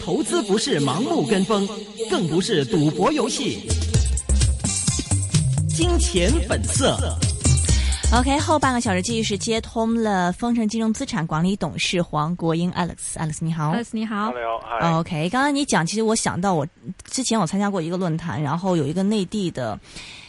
投資不是盲目跟風，更不是賭博遊戲。金錢本色。OK，後半個小時繼續是接通了豐盛金融資產管理董事黃國英 Alex，Alex 你好，Alex 你好，你好。OK，剛剛你講，其實我想到我之前我參加過一個論壇，然後有一個內地的。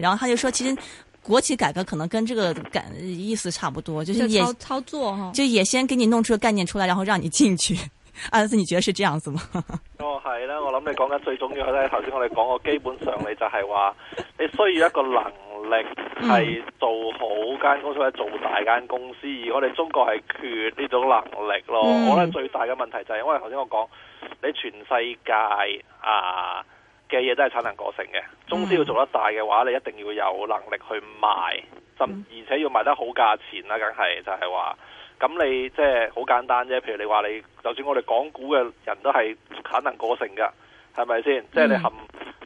然後他就說，其實國企改革可能跟這個感意思差不多，就是操操作就也先給你弄出個概念出來，然後讓你進去。阿 Sir，你覺得是這樣子嗎？哦係啦，我諗你講緊最重要咧。頭先我哋講個基本上是說，你就係話你需要一個能力係做好間公司，嗯、或者做大間公司。而我哋中國係缺呢種能力咯。嗯、我覺得最大嘅問題就係、是、因為頭先我講，你全世界啊。嘅嘢都係產能過剩嘅，中資要做得大嘅話，你一定要有能力去賣，而且要賣得好價錢啦，梗係就係話，咁你即係好簡單啫。譬如你話你，就算我哋講股嘅人都係產能過剩㗎，係咪先？即係、mm hmm. 你含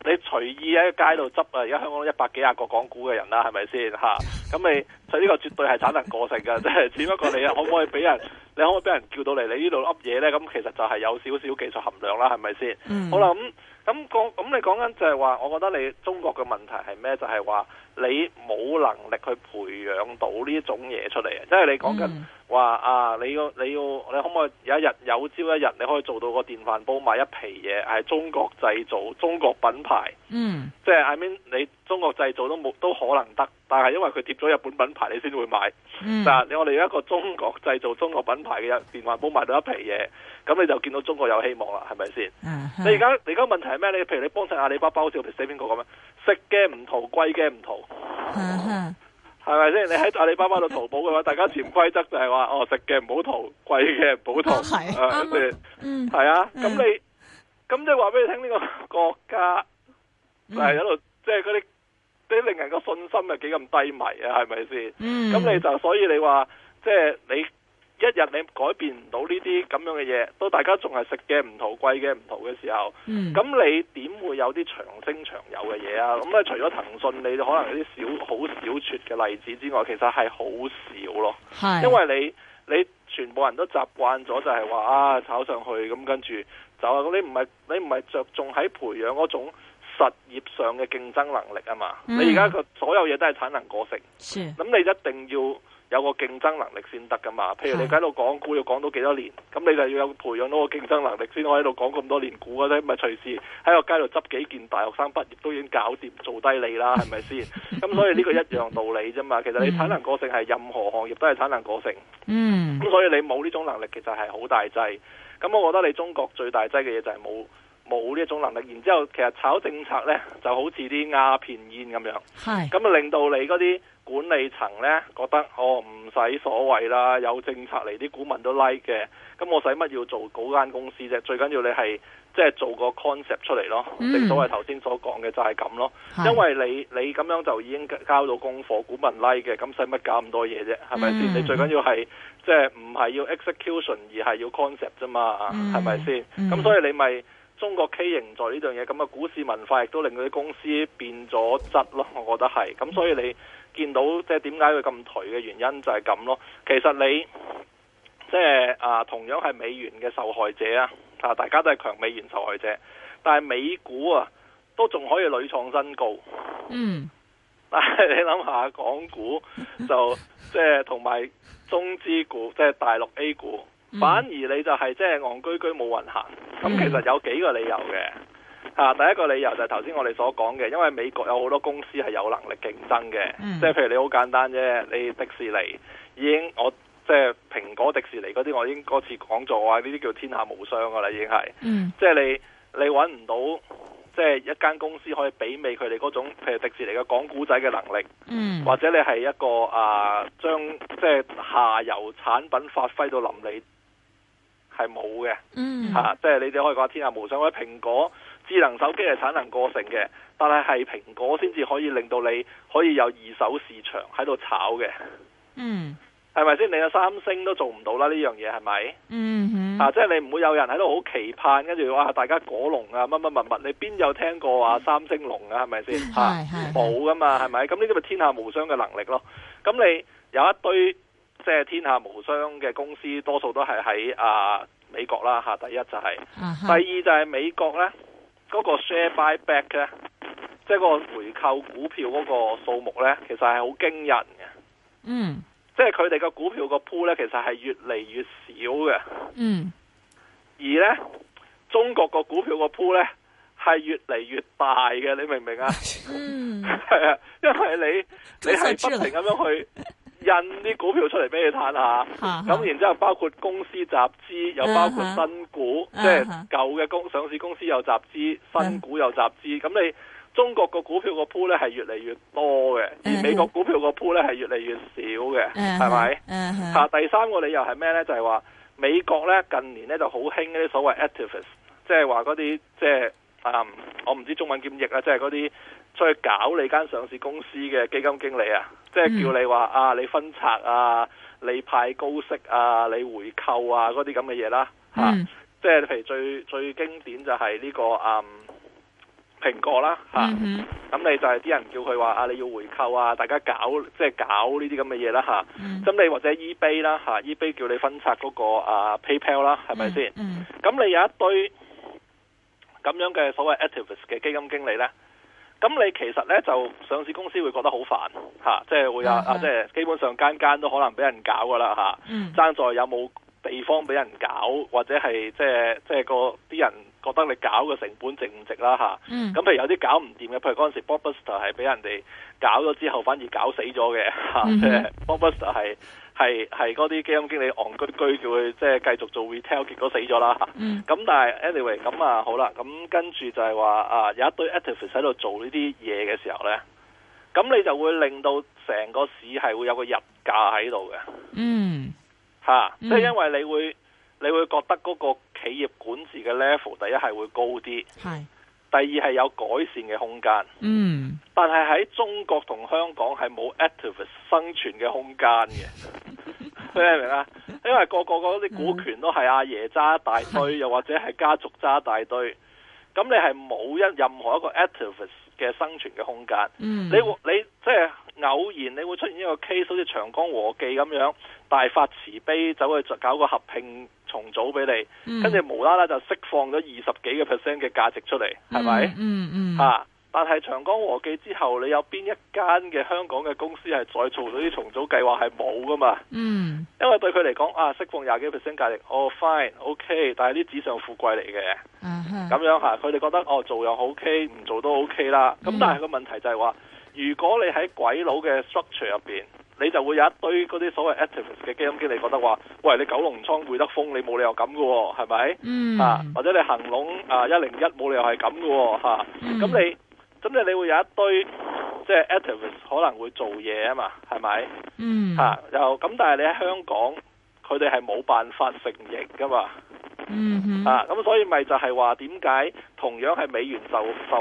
你隨意喺街度執啊，而家香港都一百幾廿個講股嘅人啦，係咪先？咁你，所以呢個絕對係產能過剩㗎。即係只不過你可唔可以俾人，你可唔可以俾人叫到嚟你呢度噏嘢呢？咁其實就係有少少技術含量啦，係咪先？Mm hmm. 好啦，咁。咁咁、嗯嗯、你講緊就係話，我覺得你中國嘅問題係咩？就係、是、話你冇能力去培養到呢種嘢出嚟，即係你講緊話啊，你要你要，你，要你可唔可以有一日有朝一日你可以做到個電飯煲賣一皮嘢係中國製造、中國品牌？嗯，即係 I mean 你中國製造都冇都可能得，但係因為佢貼咗日本品牌，你先會買。嗯、但嗱，你我哋有一個中國製造、中國品牌嘅電飯煲賣到一皮嘢。咁你就見到中國有希望啦，係咪先？你而家而家問題係咩？你譬如你幫襯阿里巴巴好似我哋死邊個咁樣：「食嘅唔淘，貴嘅唔淘，係咪先？你喺阿里巴巴度淘寶嘅話， 大家潛規則就係話哦，食嘅唔好淘，貴嘅唔好淘，係、哦、啊，咁對 你咁即係話俾你聽呢、呢個國家係喺度，即係嗰啲啲令人嘅信心係幾咁低迷啊，係咪先？咁、嗯、你就所以你話即係你。一日你改變唔到呢啲咁樣嘅嘢，都大家仲係食嘅唔同貴嘅唔同嘅時候，咁、嗯、你點會有啲長升長有嘅嘢啊？咁、嗯、啊除咗騰訊你，你可能有啲少好少撮嘅例子之外，其實係好少咯。是因為你你全部人都習慣咗就係話啊炒上去咁跟住走。啊，你唔係你唔係着重喺培養嗰種實業上嘅競爭能力啊嘛。嗯、你而家個所有嘢都係產能過剩，咁是你一定要。有個競爭能力先得噶嘛，譬如你喺度講股要講到幾多年，咁你就要有培養到個競爭能力先可以喺度講咁多年股，嗰啲咪隨時喺個街度執幾件大學生畢業都已經搞掂做低你啦，係咪先？咁 所以呢個一樣道理啫嘛，其實你產能過剩係任何行業都係產能過剩，嗯，咁所以你冇呢種能力其實係好大劑，咁我覺得你中國最大劑嘅嘢就係冇。冇呢種能力，然之後其實炒政策呢就好似啲鴉片煙咁樣，咁啊是令到你嗰啲管理層呢覺得哦唔使所謂啦，有政策嚟，啲股民都 like 嘅，咁我使乜要做嗰間公司啫？最緊要你係即係做個 concept 出嚟咯，正、嗯、所謂頭先所講嘅就係咁咯，是因為你你咁樣就已經交到功課，股民 like 嘅，咁使乜搞咁多嘢啫？係咪先？嗯、你最緊要係即係唔係要 execution 而係要 concept 啫嘛？係咪先？咁吧、嗯、所以你咪。中國 K 形在呢樣嘢咁啊，股市文化亦都令佢啲公司變咗質咯，我覺得係。咁所以你見到即係點解佢咁頹嘅原因就係咁咯。其實你即係啊，同樣係美元嘅受害者啊，啊大家都係強美元受害者，但係美股啊都仲可以屢創新高。嗯，但係你諗下，港股就即係同埋中資股，即係大陸 A 股。反而你就係即係戇居居冇運行，咁其實有幾個理由嘅吓、啊。第一個理由就係頭先我哋所講嘅，因為美國有好多公司係有能力競爭嘅，嗯、即係譬如你好簡單啫，你迪士尼已經我即係蘋果、迪士尼嗰啲，我已經嗰次講咗話呢啲叫天下無雙噶啦，已經係、嗯，即係你你搵唔到即係一間公司可以媲美佢哋嗰種，譬如迪士尼嘅講古仔嘅能力，嗯、或者你係一個啊將即係下游產品發揮到淋漓。係冇嘅，嗯，吓、mm hmm. 啊，即係你哋可以講天下無雙，因為蘋果智能手機係產能過剩嘅，但係係蘋果先至可以令到你可以有二手市場喺度炒嘅，嗯、mm，係咪先？你啊三星都做唔到啦呢樣嘢，係咪？嗯哼、mm hmm. 啊，即係你唔會有人喺度好期盼，跟住話，大家果龍啊，乜乜物物，你邊有聽過話三星龍啊？係咪先？mm hmm. 啊，冇噶嘛，係咪？咁呢啲咪天下無雙嘅能力咯。咁你有一堆。即係天下無雙嘅公司多數，多數都係喺啊美國啦吓。第一就係、是，uh huh. 第二就係美國呢，嗰、那個 share buy back 呢，即、就、係、是、個回購股票嗰個數目呢，其實係好驚人嘅。嗯，即係佢哋個股票個鋪呢，其實係越嚟越少嘅。嗯，mm. 而呢，中國個股票個鋪呢，係越嚟越大嘅，你明唔明啊？嗯，係啊，因為你你係不停咁樣去。 印啲股票出嚟俾你攤下，咁然之後包括公司集資，又包括新股，即係、uh huh. uh huh. 舊嘅公上市公司有集資，新股有集資。咁你中國個股票個鋪呢係越嚟越多嘅，而美國股票個鋪呢係越嚟越少嘅，係咪？啊，第三個理由係咩呢？就係、是、話美國呢近年呢就好興嗰啲所謂 activist，即係話嗰啲即、就、係、是、啊、嗯，我唔知中文叫咩嘢啦，即係嗰啲。就是去搞你間上市公司嘅基金經理啊，即、就、係、是、叫你話啊，你分拆啊，你派高息啊，你回購啊，嗰啲咁嘅嘢啦，嚇、嗯，即係譬如最最經典就係呢、這個嗯蘋果啦，嚇、啊，咁、嗯嗯、你就係啲人叫佢話啊，你要回購啊，大家搞即係、就是、搞呢啲咁嘅嘢啦，嚇、啊，咁、嗯、你或者 eBay 啦嚇、啊、eBay 叫你分拆嗰、那個啊 PayPal 啦，係咪先？咁、嗯嗯、你有一堆咁樣嘅所謂 activist 嘅基金經理呢。咁你其實咧就上市公司會覺得好煩，即係會啊啊，即係、啊、基本上間間都可能俾人搞噶啦嚇，爭、啊嗯、在有冇地方俾人搞，或者係即係即係個啲人覺得你搞個成本值唔值啦吓，咁譬如有啲搞唔掂嘅，譬如嗰陣時 Blockbuster 係俾人哋搞咗之後，反而搞死咗嘅嚇，即係 Blockbuster 係。嗯哼 係係嗰啲基金經理戇居居叫佢即係繼續做 retail，結果死咗啦嚇。咁、嗯、但係 anyway 咁啊好啦，咁跟住就係話啊有一堆 activist 喺度做呢啲嘢嘅時候咧，咁你就會令到成個市係會有個入價喺度嘅。嗯，嚇、啊，嗯、即係因為你會你會覺得嗰個企業管治嘅 level 第一係會高啲。係。第二係有改善嘅空間，嗯，mm. 但係喺中國同香港係冇 activist 生存嘅空間嘅， 你明唔明啊？因為個個嗰啲股權都係阿爺揸一大堆，mm. 又或者係家族揸一大堆，咁 你係冇一任何一個 activist 嘅生存嘅空間，mm. 你你即係、就是、偶然你會出現一個 case，好似長江和記咁樣，大發慈悲走去搞個合併。重組俾你，跟住無啦啦就釋放咗二十幾個 percent 嘅價值出嚟，係咪、嗯吧嗯？嗯嗯。吓、啊，但係長江和記之後，你有邊一間嘅香港嘅公司係再做咗啲重組計劃係冇噶嘛？嗯。因為對佢嚟講，啊，釋放廿幾 percent 價值，哦，fine，ok，、okay, 但係啲紙上富貴嚟嘅。咁、啊、樣吓，佢、啊、哋覺得哦，做又 ok，唔做都 ok 啦。咁但係個問題就係話，嗯、如果你喺鬼佬嘅 structure 入邊。你就會有一堆嗰啲所謂 activist 嘅基金經理，你覺得話，喂，你九龍倉會得風，你冇理由咁噶喎，係咪、mm.？啊，或者你恆隆啊一零一冇理由係咁噶喎，咁、mm. 你，咁你你會有一堆，即、就、係、是、activist 可能會做嘢啊嘛，係咪？嚇、mm. 啊，又咁，但係你喺香港，佢哋係冇辦法承認噶嘛。嗯、mm hmm. 啊，咁所以咪就係話點解同樣係美元受受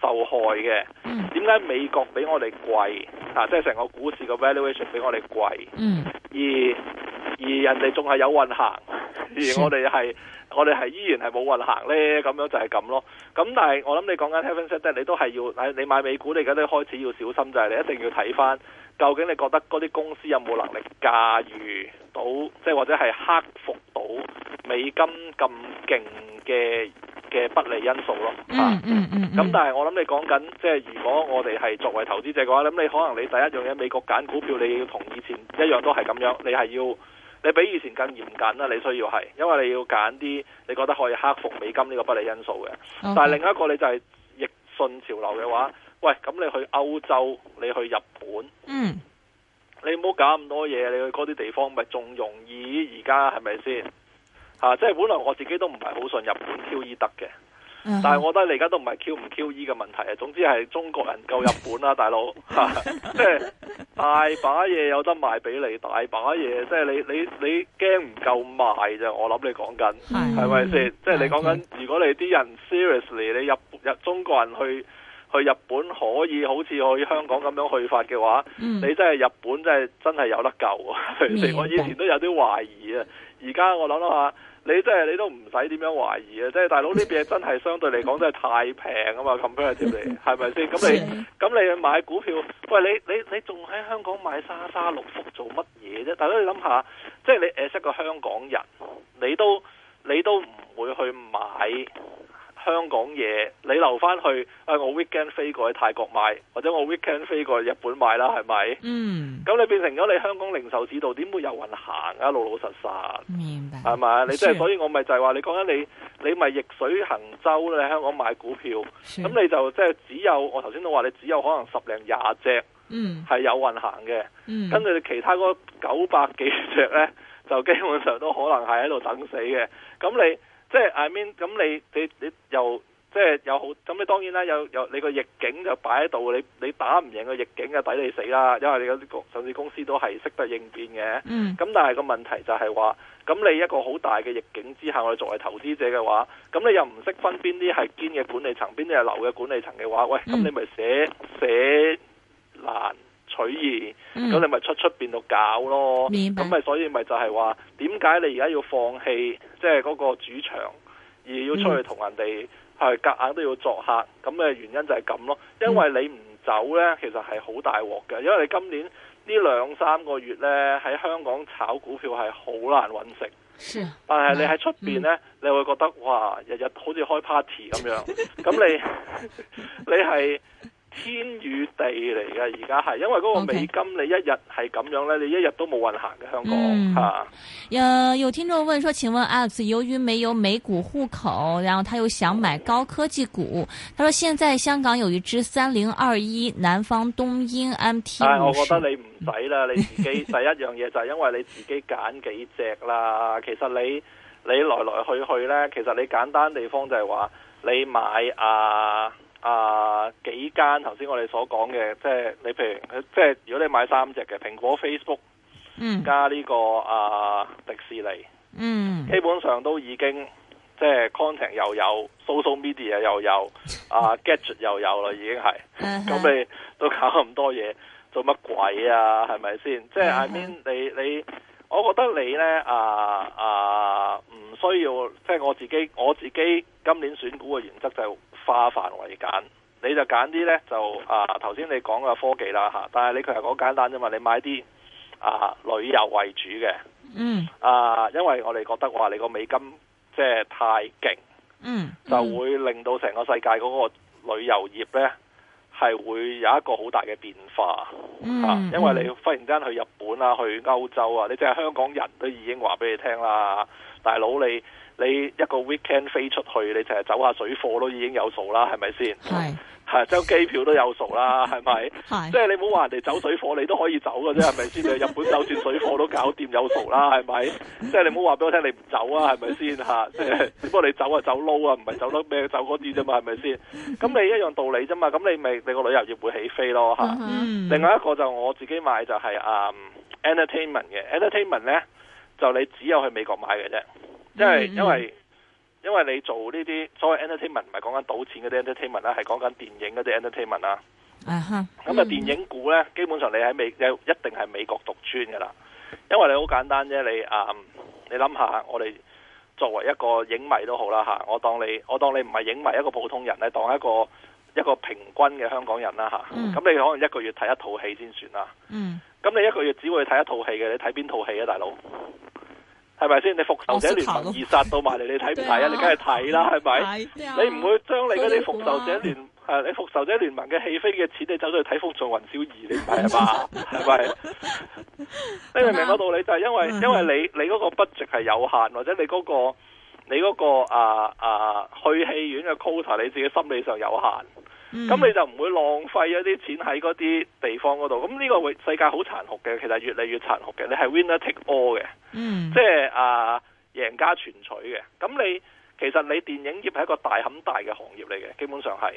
受害嘅？點解、mm hmm. 美國比我哋貴？啊，即係成個股市個 valuation 比我哋貴。嗯、mm hmm.，而而人哋仲係有運行，而我哋係是我哋係依然係冇運行咧。咁樣就係咁咯。咁、嗯、但係我諗你講緊 headline 咧，你都係要，你買美股你而家都開始要小心，就係你一定要睇翻究竟你覺得嗰啲公司有冇能力駕馭到，即、就、係、是、或者係克服。美金咁勁嘅嘅不利因素咯，咁、嗯嗯嗯嗯、但係我諗你講緊，即係如果我哋係作為投資者嘅話，咁你可能你第一樣嘢，美國揀股票你要同以前一樣都係咁樣，你係要你比以前更嚴謹啦，你需要係，因為你要揀啲你覺得可以克服美金呢個不利因素嘅，好，但係另一個你就係逆順潮流嘅話，喂，咁你去歐洲，你去日本，嗯、你唔好搞咁多嘢，你去嗰啲地方咪仲容易，而家係咪先？是啊！即係本來我自己都唔係好信日本 QE 得嘅，uh huh. 但係我覺得你而家都唔係 Q 唔 QE 嘅問題啊。總之係中國人夠日本啦、啊，大佬、 啊、即係 大把嘢有得賣俾你，大把嘢即係你你你驚唔夠賣就我諗你講緊係咪先？即係你講緊，如果你啲人 seriously 你日日中國人去去日本可以好似去香港咁樣去法嘅話，mm hmm. 你真係日本真係真係有得救啊！Mm hmm. 其實我以前都有啲懷疑啊，而家我諗下。你真係你都唔使點樣懷疑啊！即係大佬呢邊嘢真係相對嚟講真係太平啊嘛，comparative 嚟係咪先？咁你咁你去買股票，喂你你你仲喺香港買沙沙六福做乜嘢啫？大佬你諗下，即係你誒識個香港人，你都你都唔會去買香港嘢你留翻去，啊、我 weekend 飛過去泰國買，或者我 weekend 飛過去日本買啦，係咪？嗯，咁你變成咗你香港零售市道點會有運行啊？老老實實，明白，係咪？你即係，所以我咪就係話你講緊你，你咪逆水行舟咧。你喺香港買股票，咁的你就即係只有我頭先都話你只有可能十零廿隻，嗯，係有運行嘅，跟住其他嗰九百幾隻呢，就基本上都可能係喺度等死嘅，咁你。即係 I mean，咁你你你又即係有好，咁你當然啦，有有你個逆境就擺喺度，你你打唔贏個逆境就抵你死啦。因為你嗰啲上市公司都係識得應變嘅。咁、嗯、但係個問題就係話，咁你一個好大嘅逆境之下，我哋作為投資者嘅話，咁你又唔識分邊啲係堅嘅管理層，邊啲係流嘅管理層嘅話，喂，咁你咪寫、嗯、寫難取義，咁你咪出出邊度搞咯。咁咪明白。所以咪就係話，點解你而家要放棄？即係嗰個主場，而要出去同人哋係夾硬都要作客，咁嘅原因就係咁咯。因為你唔走呢，其實係好大鑊嘅。因為你今年呢兩三個月呢，喺香港炒股票係好難揾食，但係你喺出邊呢，你會覺得哇，日日好似開 party 咁樣，咁你 你係。天與地嚟嘅，而家係，因為嗰個美金 Okay. 你一日係咁樣咧，你一日都冇運行嘅香港吓。有、嗯啊、有聽眾問說：請問 Alex，由於沒有美股戶口，然後他又想買高科技股，哦、他說現在香港有一隻三零二一南方東英 MT、哎。我覺得你唔使啦，你自己 第一樣嘢就係因為你自己揀幾隻啦。其實你你來來去去咧，其實你簡單地方就係話你買啊。啊！幾間頭先我哋所講嘅，即係你譬如，即係如果你買三隻嘅，蘋果、Facebook，嗯，加呢個啊迪士尼，嗯，基本上都已經即係 content 又有，social media 又有，啊 gadget 又有啦，已經係，咁 你都搞咁多嘢，做乜鬼啊？係咪先？即係 I mean 你你。你我覺得你呢，啊啊唔需要，即係我自己我自己今年選股嘅原則就化繁為簡，你就揀啲呢，就啊頭先你講嘅科技啦嚇，但係你佢係好簡單啫嘛，你買啲啊旅遊為主嘅，嗯啊，因為我哋覺得話你個美金即係太勁，嗯，就會令到成個世界嗰個旅遊業呢，係會有一個好大嘅變化，嗯啊，因為你忽然間去日本啊，去歐洲啊，你淨係香港人都已經話俾你聽啦，大佬你你一個 weekend 飛出去，你就係走下水貨都已經有數啦，係咪先？係張機票都有數啦，係咪？是的即係你唔好話人哋走水貨，你都可以走㗎啫，係咪先？ 你日本走轉水貨都搞掂有數啦，係咪？ 即係你唔好話俾我聽你唔走啊，係咪先？即嚇！只不過你走啊走撈啊，唔係走得咩走嗰啲啫嘛，係咪先？咁 你一樣道理啫嘛，咁你咪你個旅遊業會起飛咯嚇。嗯嗯另外一個就我自己買就係、是、嗯 entertainment 嘅 entertainment 咧，就你只有去美國買嘅啫，就是、因為嗯嗯因為。因為你做呢啲所謂 entertainment 唔係講緊賭錢嗰啲 entertainment 啦，係講緊電影嗰啲 entertainment 啦、uh。嗯咁啊，電影股呢，基本上你喺美你一定係美國獨尊嘅啦。因為你好簡單啫，你啊、嗯，你諗下，我哋作為一個影迷都好啦吓，我當你我當你唔係影迷，一個普通人，你當一個一個平均嘅香港人啦吓咁、uh huh. 你可能一個月睇一套戲先算啦。咁、uh huh. 你一個月只會睇一套戲嘅，你睇邊套戲啊，大佬？係咪先？你復仇者聯盟二殺到埋嚟，你睇唔睇啊？你梗係睇啦，係咪？你唔會將你嗰啲復仇者聯誒，啊、你復仇者聯盟嘅戲飛嘅錢，你走去睇風做雲消二， 你唔係嘛？係咪？你明唔明嗰道理？ 就係因為是的因為你你嗰個 budget 係有限，或者你嗰、嗰個你、嗰個啊啊去戲院嘅 quota，你自己心理上有限。咁、嗯、你就唔會浪費一啲錢喺嗰啲地方嗰度，咁呢個世界好殘酷嘅，其實越嚟越殘酷嘅，你係 winner take all 嘅，即係、嗯、啊贏家全取嘅。咁你其實你電影業係一個大很大嘅行業嚟嘅，基本上係，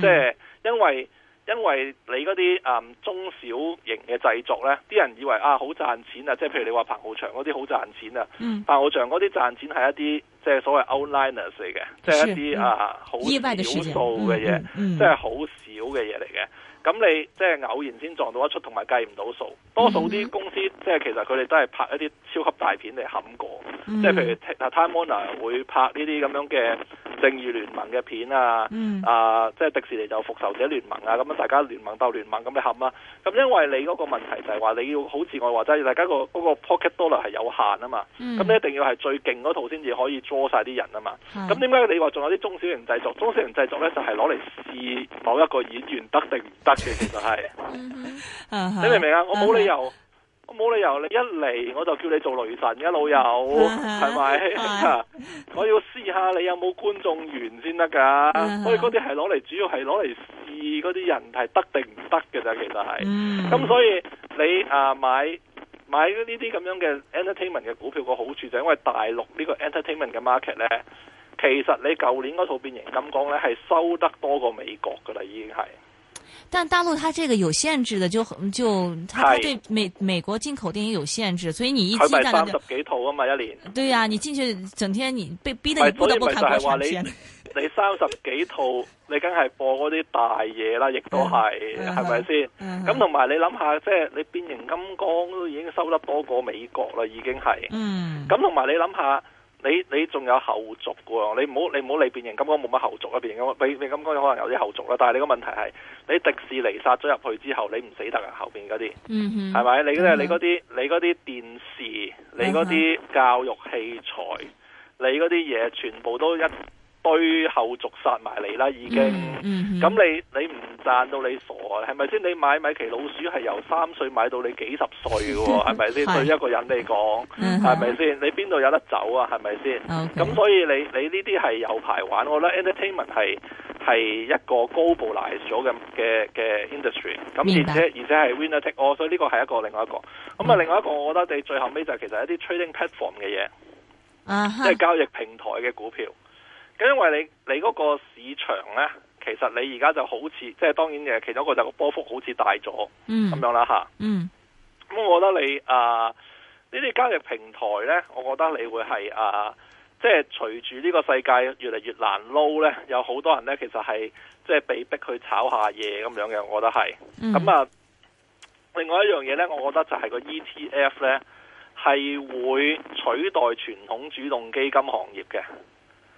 即係、嗯、因為。因為你嗰啲嗯中小型嘅製作呢，啲人以為啊好賺錢啊，即係譬如你話彭浩翔嗰啲好賺錢啊，彭浩翔嗰啲賺錢係一啲即係所謂 outliners 嚟嘅，即係一啲啊好少數嘅嘢，即係好少嘅嘢嚟嘅。咁你即係偶然先撞到一齣，同埋計唔到數，多數啲公司即係、嗯、其實佢哋都係拍一啲超級大片嚟冚過。即係譬如 Time Warner 會拍呢啲咁樣嘅正義聯盟嘅片啊，嗯、啊，即、就、係、是、迪士尼就復仇者聯盟啊，咁樣大家聯盟鬥聯盟咁咪合啊。咁因為你嗰個問題就係話你要好似我話齋，就是、大家個嗰個 pocket dollar 係有限啊嘛，咁、嗯、你一定要係最勁嗰套先至可以捉晒啲人啊嘛。咁點解你話仲有啲中小型製作？中小型製作咧就係攞嚟試某一個演員得定唔得嘅， 其實係。Uh、huh, 你明唔明啊？Uh huh. 我冇理由。我冇理由你一嚟我就叫你做雷神嘅老友，係咪？ 我要試下你有冇觀眾緣先得噶， 所以嗰啲係攞嚟主要係攞嚟試嗰啲人係得定唔得嘅咋，其實係。咁 所以你啊買買呢啲咁樣嘅 entertainment 嘅股票個好處就係因為大陸呢個 entertainment 嘅 market 呢，其實你舊年嗰套變形金剛呢，係收得多過美國噶啦，已經係。但大陸它這個有限制的就，就就它，是它對美美國進口電影有限制，所以你一進嚟就三十幾套啊嘛一年。對呀、啊，你進去整天你被逼得你不得不看。話你 你三十幾套，你梗係播嗰啲大嘢啦，亦都係係咪先？咁同埋你諗下，即、就、係、是、你變形金剛都已經收得多過美國啦，已經係。咁同埋你諗下。你你仲有後續嘅喎？你唔好你唔好理變形金剛冇乜後續啊！變形金剛金可能有啲後續啦、啊，但係你個問題係你迪士尼殺咗入去之後，你唔死得啊？後邊嗰啲，嗯嗯係咪？你嗰啲、嗯哼你嗰啲你嗰啲電視，你嗰啲教育器材，你嗰啲嘢全部都一。對後續殺埋你啦，已經咁、mm hmm. 你你唔賺到你傻啊？係咪先？你買米奇老鼠係由三歲買到你幾十歲嘅喎，係咪先？ 對一個人嚟講，係咪先？你邊度有得走啊？係咪先？咁 Okay. 所以你你呢啲係有排玩，我覺得 entertainment 係係一個 globalized 咗嘅嘅嘅 industry，咁而且白而且係 winner take all，所以呢個係一個另外一個。咁啊，另外一個我覺得你最後尾就其實一啲 trading platform 嘅嘢，即係、uh huh. 交易平台嘅股票。因為你你嗰個市場呢，其實你而家就好似，即係當然嘅，其中一個就個波幅好似大咗，嗯、咁樣啦吓。嗯、咁我覺得你啊呢啲交易平台呢，我覺得你會係啊，即係隨住呢個世界越嚟越難撈呢。有好多人呢，其實係即係被逼去炒下嘢咁樣嘅，我覺得係。咁啊、嗯，另外一樣嘢呢，我覺得就係個 ETF 呢，係會取代傳統主動基金行業嘅。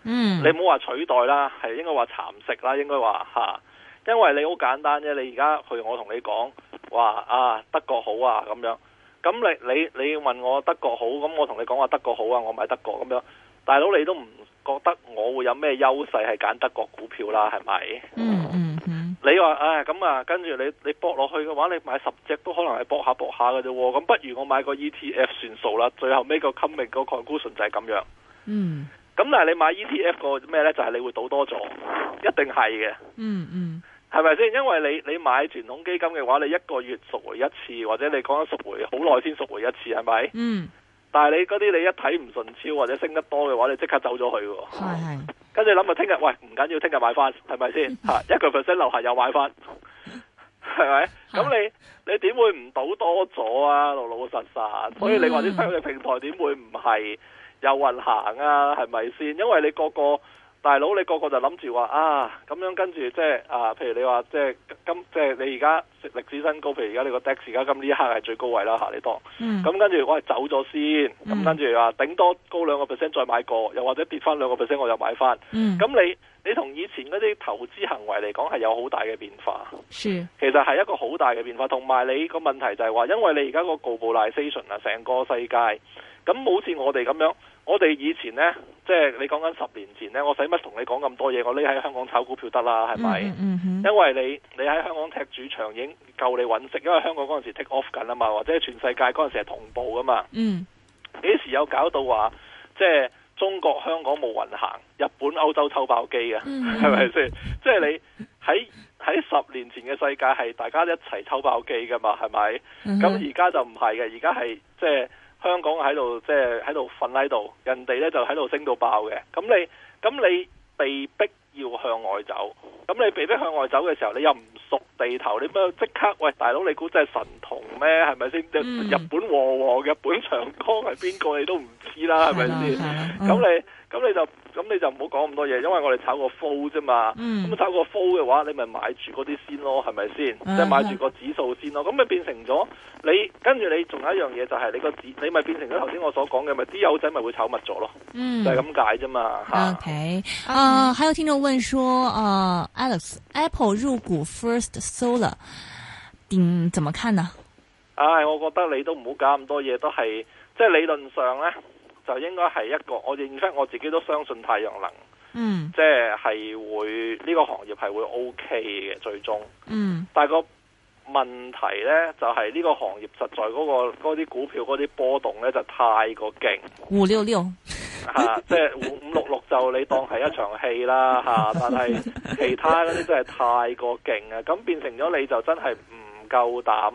嗯，你唔好話取代啦，係應該話蠶食啦，應該話吓，因為你好簡單啫。你而家去我同你講話啊德國好啊咁樣，咁你你你問我德國好，咁我同你講話德國好啊，我買德國咁樣，大佬你都唔覺得我會有咩優勢係揀德國股票啦，係咪、嗯？嗯嗯嗯，你話誒咁啊，跟住你你搏落去嘅話，你買十隻都可能係搏下搏下嘅啫、啊，咁不如我買個 ETF 算數啦。最後尾個, in, 個 commit 個 conclusion 就係咁樣。嗯。咁但係你買 E T F 個咩呢？就係、是、你會賭多咗，一定係嘅、嗯。嗯嗯，係咪先？因為你你買傳統基金嘅話，你一個月贖回一次，或者你講緊贖回好耐先贖回一次，係咪？嗯。但係你嗰啲你一睇唔順超或者升得多嘅話，你即刻走咗去喎。跟住諗啊，聽日、嗯、喂唔緊要緊，聽日買翻，係咪先？吓一個 percent 樓下又買翻，係咪？咁、嗯、你你點會唔賭多咗啊？老老實實，所以你話啲新嘅平台點會唔係？有運行啊，係咪先？因為你個個大佬，你個個就諗住話啊，咁樣跟住即係啊，譬如你話即係今即係你而家歷史新高，譬如而家你個 DAX 而家今呢一刻係最高位啦嚇，你當。嗯。咁跟住我係走咗先，咁、嗯、跟住啊，頂多高兩個 percent 再買過，又或者跌翻兩個 percent 我又買翻。嗯。咁你你同以前嗰啲投資行為嚟講係有好大嘅變化。是其實係一個好大嘅變化，同埋你個問題就係話，因為你而家個 globalisation 啊，成個世界，咁好似我哋咁樣。我哋以前呢，即係你講緊十年前呢，我使乜同你講咁多嘢？我匿喺香港炒股票得啦，係咪？Mm hmm. 因為你你喺香港踢主場已經夠你揾食，因為香港嗰陣時 take off 緊啊嘛，或者全世界嗰陣時係同步噶嘛。嗯、mm。幾時 hmm. 有搞到話，即係中國香港冇運行，日本歐洲抽爆機嘅？係咪先？Hmm. 吧 即係你喺喺十年前嘅世界係大家一齊抽爆機㗎嘛？係咪？咁而家就唔係嘅，而家係即係。香港喺度即係喺度瞓喺度，人哋呢就喺度升到爆嘅。咁你咁你被逼要向外走，咁你被逼向外走嘅時候，你又唔熟地頭，你咪即刻喂，大佬，你估真係神童咩？係咪先？嗯、日本和和日本長江係邊個你都唔知啦，係咪先？咁你咁你就。咁你就唔好講咁多嘢，因為我哋炒個 full 啫嘛，咁、嗯、炒個 full 嘅話，你咪買住嗰啲先咯，係咪先？即係、嗯、買住個指數先咯。咁咪變成咗你跟住你仲有一樣嘢、就是，就係你個指，你咪變成咗頭先我所講嘅，咪啲友仔咪會炒密咗咯，嗯、就係咁解啫嘛。OK，啊，uh, 還有聽眾問說，啊、uh,，Alex，Apple 入股 First Solar，點怎麼看呢？啊、哎，我覺得你都唔好搞咁多嘢，都係即係理論上咧。就應該係一個我認識我自己都相信太陽能，嗯，即係會呢個行業係會 O K 嘅最終，嗯，但個問題呢，就係呢個行業實在嗰個啲股票嗰啲波動呢，就太過勁，五六六吓、啊，即係五五六六就你當係一場戲啦吓、啊，但係其他嗰啲真係太過勁啊，咁變成咗你就真係唔夠膽。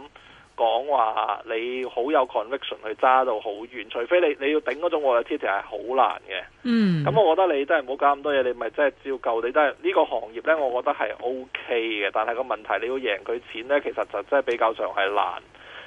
講話你好有 conviction 去揸到好遠，除非你你要頂嗰種 volatility 係好難嘅。Mm. 嗯，咁我覺得你真係唔好搞咁多嘢，你咪真係照舊。你真係呢、呢個行業呢，我覺得係 OK 嘅，但係個問題你要贏佢錢呢，其實就真係比較上係難。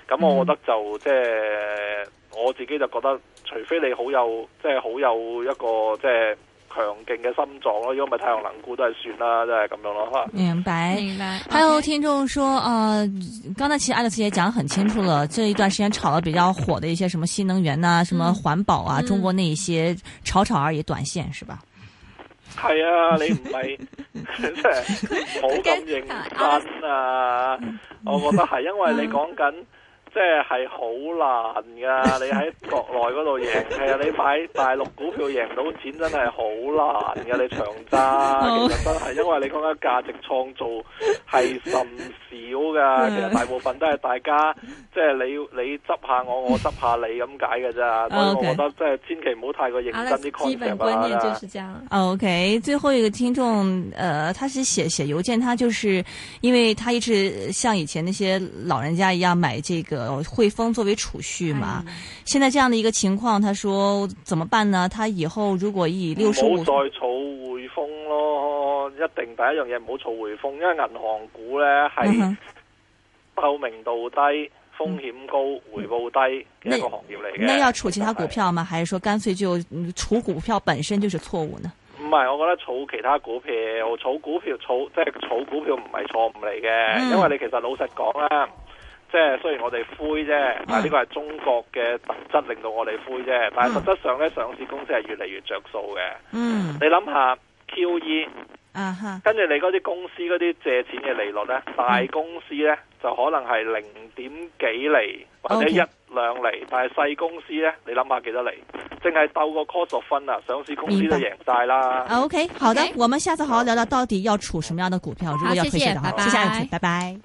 咁我覺得就、mm. 即係我自己就覺得，除非你好有即係好有一個即係。強勁嘅心臟咯，如果唔係太陽能股都係算啦，真係咁樣咯。明白，明白。還有聽眾說，誒、呃，剛才其實 Alex 也講得很清楚啦，這一段時間炒得比較火的一些，什麼新能源啊，嗯、什麼環保啊，嗯、中國那一些，炒炒而已，短線是吧？係啊，你唔係係冇咁認真啊？ 我覺得係，因為你講緊。即係好難噶，你喺國內嗰度贏，係啊，你買大陸股票贏到錢真係好難噶，你長揸，Okay. 其實真係，因為你講嘅價值創造係甚少噶， 其實大部分都係大家即係你你執下我，我執下你咁解噶咋。 所以我覺得即係千祈唔好太過認真啲 concept，基本觀念就係咁樣啊。OK，最後一個聽眾，誒、呃，他是寫寫郵件，他就是因為他一直像以前那些老人家一樣買這個。匯豐作為儲蓄嘛，現在這樣的一個情況，他說怎麼辦呢？他以後如果以六十五，再儲匯豐咯，一定第一樣嘢唔好儲匯豐，因為銀行股咧係、嗯、哼透明度低、風險高、嗯、回報低一個行業嚟嘅。那要儲其他股票嗎？是還是說乾脆就儲股票本身就是錯誤呢？唔係，我覺得儲其他股票，我儲股票儲即係儲股票唔係錯誤嚟嘅，嗯、因為你其實老實講啦、啊。即係雖然我哋灰啫，但係呢個係中國嘅特質，令到我哋灰啫。但係實質上咧，上市公司係越嚟越着數嘅。嗯，你諗下 QE，嗯吓，跟住你嗰啲公司嗰啲借錢嘅利率呢，大公司呢、嗯、就可能係零點幾厘或者一兩厘，okay, 但係細公司呢，你諗下幾多厘？淨係鬥個 cost of fund 啊，上市公司都贏晒啦。OK，好的，Okay? 我們下次好好聊聊到，到底要儲什麼樣的股票，好如果要推薦嘅話，下一次拜拜。